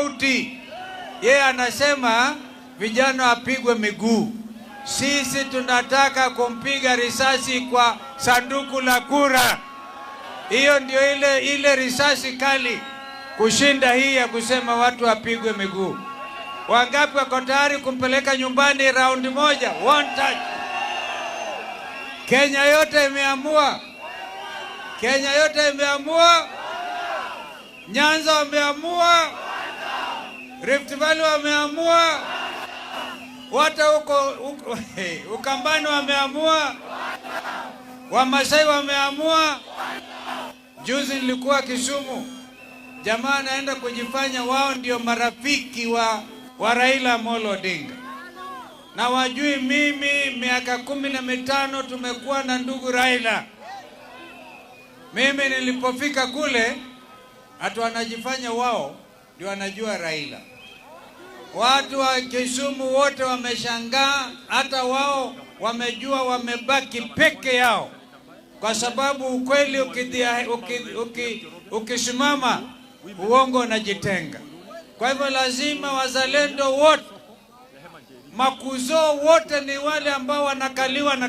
Sauti yeye yeah, anasema vijana wapigwe miguu. Sisi tunataka kumpiga risasi kwa sanduku la kura. Hiyo ndio ile ile risasi kali kushinda hii ya kusema watu wapigwe miguu. Wangapi wako tayari kumpeleka nyumbani raundi moja, one touch? Kenya yote imeamua, Kenya yote imeamua, Nyanza wameamua. Rift Valley wameamua, wata huko Ukambani wameamua, Wamasai wameamua. Juzi nilikuwa Kisumu, jamaa anaenda kujifanya wao ndio marafiki wa, wa Raila Amolo Odinga na wajui mimi miaka kumi na mitano tumekuwa na ndugu Raila. Mimi nilipofika kule, hatu wanajifanya wao ndio wanajua Raila. Watu wa Kisumu wote wameshangaa, hata wao wamejua wamebaki peke yao, kwa sababu ukweli ukidia, uki, uki, ukisimama uongo unajitenga. Kwa hivyo lazima wazalendo wote, makuzo wote ni wale ambao wanakaliwa na